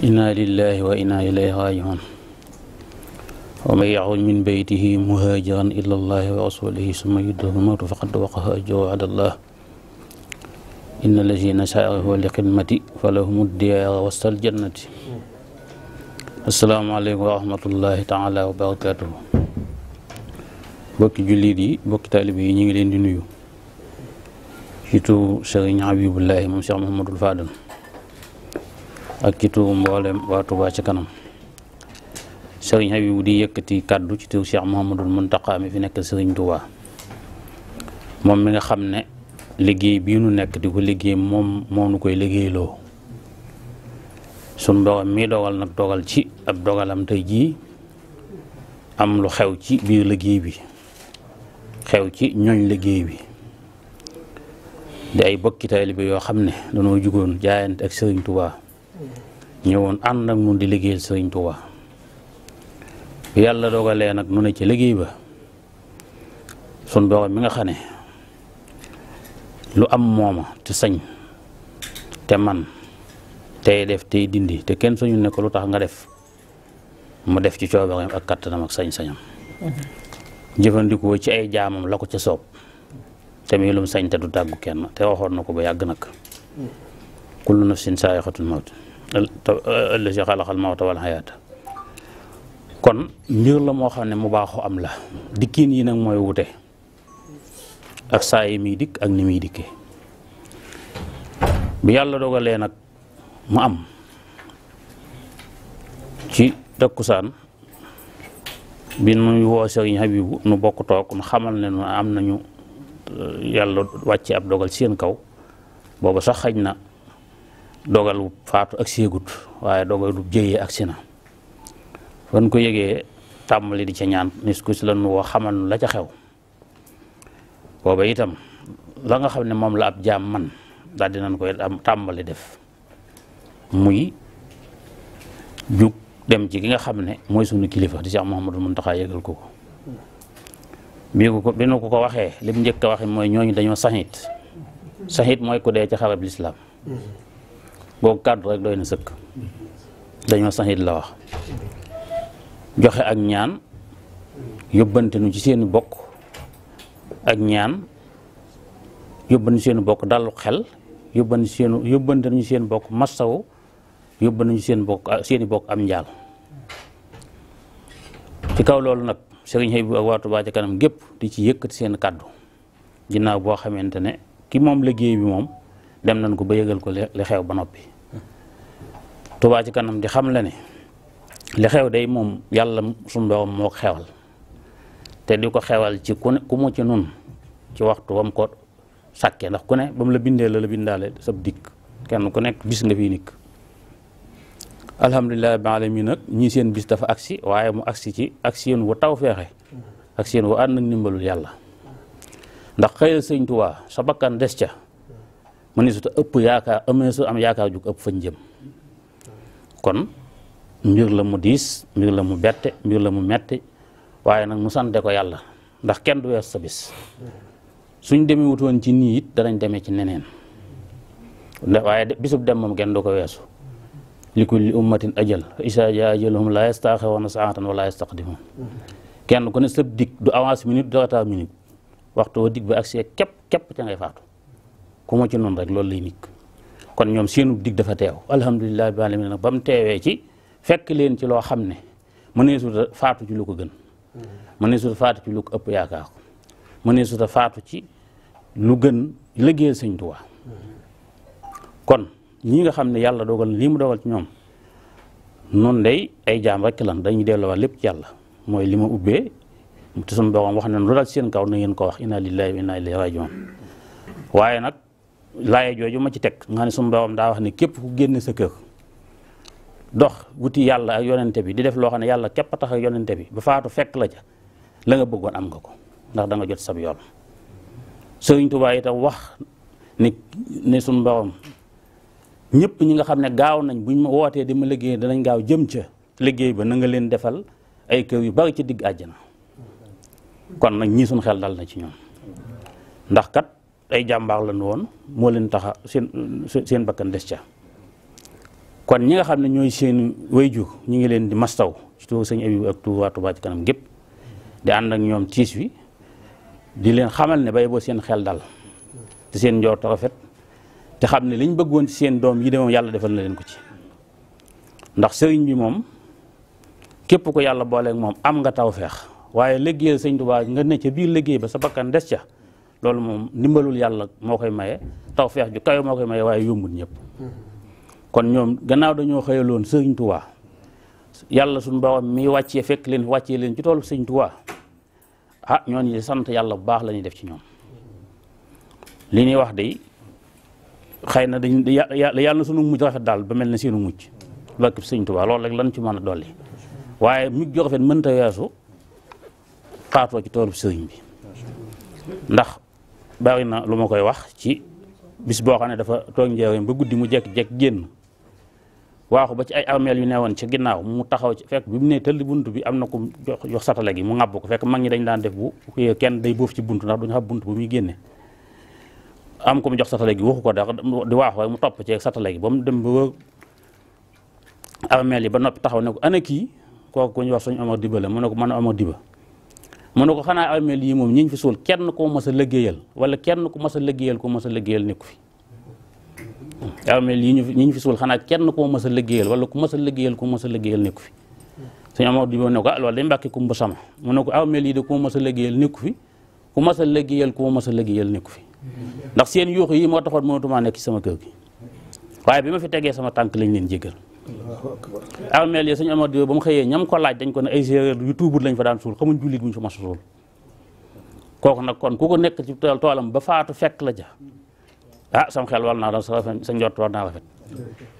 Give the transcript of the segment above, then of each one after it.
inna lillahi wa inna ilayhi rajiun wa man yaxruj min beytihi muhaajiran ila allahi wa rasulihi summa yudriku mawtu faqad waqafa ajruhu allah inna allazina saarihu li xidmati falahum diyaara wastal jannati asalaamaaleykum wa rahmatullahi taala wa barakatuhu bokki jullit yi bokki taalibe yi ñu ngi leen di nuyu surtout Sëriñ Habibullahi ak ci turu mboolem waa Touba ci kanam sëriñ Habib di yëkkati kàddu ci turu Cheikh Mouhamadul Mountakha mi fi nekk sëriñ Touba moom mi nga xam ne liggéey bii nu nekk di ko liggéey moom moo nu koy liggéeyloo sun dogal mi dogal nag dogal ci ab dogalam tey jii am lu xew ci biir liggéey bi xew ci ñooñ liggéey bi di ay bokki taalibe yoo xam ne dañoo jugoon jaayante ak sëriñ Touba. ñëwoon ànd nag nun di liggéeyal sëriñ Touba yàlla dogalee nag nu ne ci liggéey ba sun borom mi nga xane lu am mooma te sañ te man tey def tey dindi te kenn suñu ne ko lu tax nga def mu def ci coobareem ak kattanam ak sañ-sañam jëfandikoo ci ay jaamam la ko ca soob te muy lum sañ te du tàggu kenn te waxoon na ko ba yàgg nag kullu nafsin saa'iqatul mawt allazi xalaqal mawta wal xayaata kon mbir la moo xam ne mu baaxoo am la dikkiin yi nag mooy wute ak saa yi dikk ak ni muy dikkee bi yàlla dogalee nag mu am ci takkusaan bi nuy woo Sëriñ Habibu nu bokk toog nu xamal ne nu am nañu yàlla wàcce ab dogal seen kaw booba sax xaj na dogalu faatu ak séegut waaye dogalu jëyee ak si na fan ko yëgee tàmbali di ca ñaan nis ku si la nu woo xamal nu la ca xew booba itam la nga xam ne moom la ab jaam man daal dinañ koy tàmbali def muy jug dem ci ki nga xam ne mooy sunu kilifa di Cheikh Mouhamadou Mountakha yëgal ko ko bii ko bi nu ko ko waxee lim njëkk a waxi mooy ñooñu dañoo saxit saxit mooy ku dee ci xarab lislaam googu kàddu rek doy na sëkk dañoo sax la wax joxe ak ñaan yóbbante nu ci seeni bokk ak ñaan yóbbante seeni bokk dalu xel yóbbante seen yóbbante nañu seen bokk massaw yóbba nañu seen seeni bokk am njaal ci kaw loolu nag sëriñ xëy bu ak waa Touba ca kanam gépp di ci yëkkati seen kàddu ginnaaw boo xamante ne ki moom liggéey bi moom dem nañ ko ba yëgal ko li xew ba noppi tubaa ci kanam di xam la ne li xew day moom yàlla suñu doom moo ko xewal te di ko xewal ci ku ne ku mu ci nun ci waxtu wam ko sàkkee ndax ku ne ba mu la bindee la la bindaale sab dikk kenn ku nekk bis nga fii nikk alhamdulilah bi alamin nag ñii seen bis dafa agsi waaye mu agsi ci agsi yéen wu taw feexe ak seen wu ànd ak ndimbalul yàlla ndax xëyal sëñ Tuubaa sa bakkan des ca mën su ta ëpp yaakaar am su am yaakaar ju ëpp fañ jëm kon mbir la mu diis mbir la mu bette mbir la mu mette waaye nag mu sante ko yàlla ndax kenn du wees sa bis suñ demee wutoon ci nii it danañ demee ci neneen waaye bisub dem moom genn du ko weesu li kulli ummatin ajal isa ja ajaluhum la yastaxiroona saatan wala yastaqdimuun kenn ku ne sëb dig du avance minute du retard minute waxtu wa dig ba agsi képp képp ca ngay faatu ku mu ci noonu rek loolu lay nikk kon ñoom seenu dig dafa teew alhamdulilah bi alamin nag ba mu teewee ci fekk leen ci loo xam ne mëneesuta faatu ci lu ko gën mëneesuta faatu ci lu ko ëpp yaakaar ko mëneesuta faatu ci lu gën liggéeyal sëñ kon ñi nga xam ne yàlla dogal lii mu dogal ci ñoom noon day ay jaam rek lan dañuy delloowaat lépp ci yàlla mooy li ma ubbee te suñu borom wax ne lu dal seen kaw na ngeen ko wax inna lillahi wa inna ilayhi rajiun waaye nag laaye jooju ma ci teg nga ne suñu boroom daa wax ne képp ku génn sa kër dox wuti yàlla ak yonente bi di def loo xam ne yàlla képp a tax ak yonente bi ba faatu fekk la ca la nga bëggoon am nga ko ndax danga jot sab yoon sëriñ Tuubaa itam wax ni ne suñu boroom ñëpp ñu nga xam ne gaaw nañ buñ ma wootee di ma liggéey danañ gaaw jëm ca liggéey ba na nga leen defal ay kër yu bari ci digg àjjana kon nag ñii suñ xel dal na ci ñoom ndax kat ay jàmbaar lañu woon moo leen taxa seen seen bakkan des ca kon ñi nga xam ne ñooy seen wayjur ñu ngi leen di mastaw surtout sëñ Abibu ak Tuubaa kanam gépp di ànd ak ñoom tiis wi di leen xamal ne bay boo seen xel dal te seen njort rafet te xam ne liñ bëggoon ci seen doom yi de moom yàlla defal na leen ko ci ndax sëriñ bi moom képp ko yàlla booleeg moom am nga taw feex waaye liggéeyal sëñ Tuubaa nga ne ca biir liggéey ba sa bakkan des ca loolu moom ndimbalul yàlla moo koy maye taw feex ju kawe moo koy maye waaye yombul ñëpp kon ñoom gannaaw dañoo xëyaloon sëriñ Tuubaa yàlla suñ borom mi wàccee fekk leen wàccee leen ci toolu sëriñ Tuubaa ah ñooñu sant yàlla bu baax la def ci ñoom ñuy wax de xëy na dañ yàlla na sunu mujj rafet daal ba mel ne seenu mujj bakib sëriñ Tuubaa loolu rek lan ci mën a dolli waaye mujj rafet mënta weesu xaatoo bi ndax bari na lu ma koy wax ci bis boo xam ne dafa toog njëriñ ba guddi mu jekk-jekk génn waaxu ba ci ay armeel yu newoon ci ginnaaw mu taxaw ci fekk bi mu ne tëll bunt bi am na ko jox jox satale mu ŋàbb ko fekk mag ñi dañ daan def bu kenn day boof ci bunt ndax duñu xam bunt bu muy génne am ko mu jox satale gi waxu ko da di waax waaye mu topp ci satale gi ba mu dem ba wër armeel yi ba noppi taxaw ne ko ana kii kooku ku ñu wax suñu Omar Diba la mu ne ko mën a Omar Diba mu ne ko xanaa armeel yi moom ñi ñu fi suul kenn koo mas a liggéeyal wala kenn ku mas a liggéeyal ko mas a liggéeyal nekku fi hmm. armeel yi ñu fi suul xanaa kenn koo mas a liggéeyal wala ku mas a liggéeyal ko mas a liggéeyal nekku fi suñu amoo di ne ko ah loolu day mbàkke kumba sama mu a ko armeel yi de koo mas a liggéeyal nekku fi ku mas a liggéeyal ko mas a nekku fi ndax seen yuuxu yi moo taxoon mënatumaa nekk sama kër gi waaye bi ma fi tegee sama tànk lañ leen jégal armeel yi sëñ Amadou ba mu xëyee ñam ko laaj dañ ko ne ay séeréer yu tuubut lañ fa daan suul xamuñ jullit buñ fa mas a suul kooku nag kon ku ko nekk ci toolam ba faatu fekk la ja ah sam xel war naa dal sa sa njort war naa rafet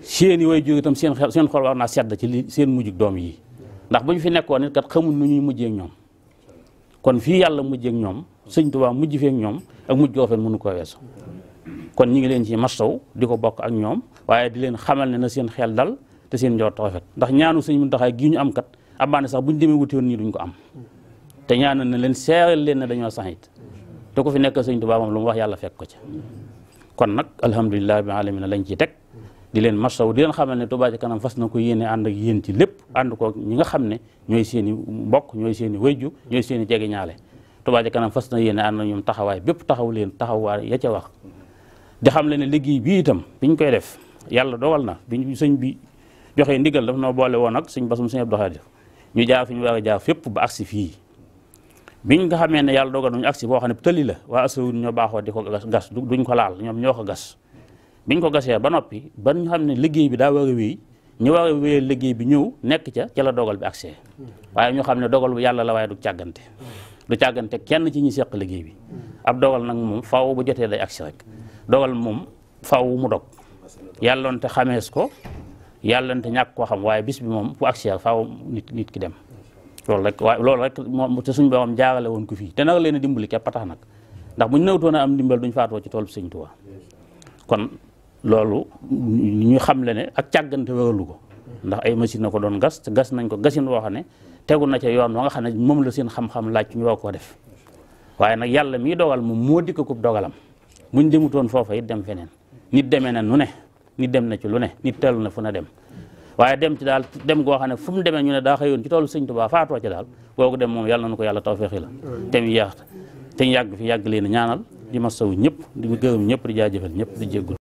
seen i way seen xel seen xol war sedd ci li seen mujjug doom yi ndax bu ñu fi nekkoon nit kat xamul nu ñuy mujjee ak ñoom kon fii yàlla mujjee ñoom sëñ Tuubaa mujj fee ñoom ak mujj goo fen mënu ko weesu kon ñi ngi leen ci mastaw di ko bokk ak ñoom waaye di leen xamal ne na seen xel dal te seen njort rafet ndax ñaanu sëñ Muntaxa te ñaanal na leen seeral leen ne dañoo saxit te ku fi nekk sëñ Tuubaa moom lu mu wax yàlla fekk ko ca kon nag alhamdulilah bi alamin lañ ciy teg di leen masaw di leen xamal ne Tuubaa kanam fas na ko yéene ànd ak yéen ci lépp ànd ko ñi nga xam ne ñooy seen i mbokk ñooy seen i wëjju ñooy seen i jege ñaale Tuubaa kanam fas na yéene ànd taxawaay bépp taxaw leen taxawaay ya ca wax di xam le ne bii itam biñ koy def yàlla dogal na bi sëñ bi joxee ndigal daf noo boole woon ak suñ basum suñu Abdou a jaar fépp nga xamee ne yàlla dogal nañu agsi boo xam ne tëli la waa asawun ñoo baaxoo di ko gas duñ ko laal ñoom ñoo ko gas biñ ko gasee ba noppi ba xam ne liggéey bi daa war a wéy ñu war a liggéey bi ñëw nekk ca ci la dogal bi agsee waaye ñu xam ne dogal bu yàlla la waaye du càggante du càggante kenn ci ñi seq liggéey bi ab dogal nag moom faw bu jotee day agsi rek dogal moom faw mu dog yàlloon te xamees ko yàlla te ñàkk koo xam waaye bis bi moom fu agsi faaw nit nit ki dem loolu rek waaye loolu rek moom te suñ borom jaarale woon ko fii te nag leen a dimbali képp a tax nag ndax bu ñu nawtoon a faatoo ci tool bi sëñ Tuubaa kon loolu ñu xam le ne ak càggante wëralu ko ndax ay machine na ko doon gas te gas nañ ko gasin woo xam ne tegu na ca yoon wa xam ne moom la seen xam-xam laaj ñu woo koo def waaye nag yàlla mii dogal moom moo dikk ko dogalam buñ demutoon foofa it dem feneen nit demee na nu ne nit dem na ci lu ne nit teelu na fu na dem waaye dem ci daal dem goo xam ne fu mu demee ñu ne daa xëyoon ci toolu sëñ Tuubaa faatoo ci daal kooku dem moom yàlla na ko yàlla tawfeexi la tem yàgg fi yàgg leen ñaanal di masawu ñëpp di gërëm ñëpp di di jéggul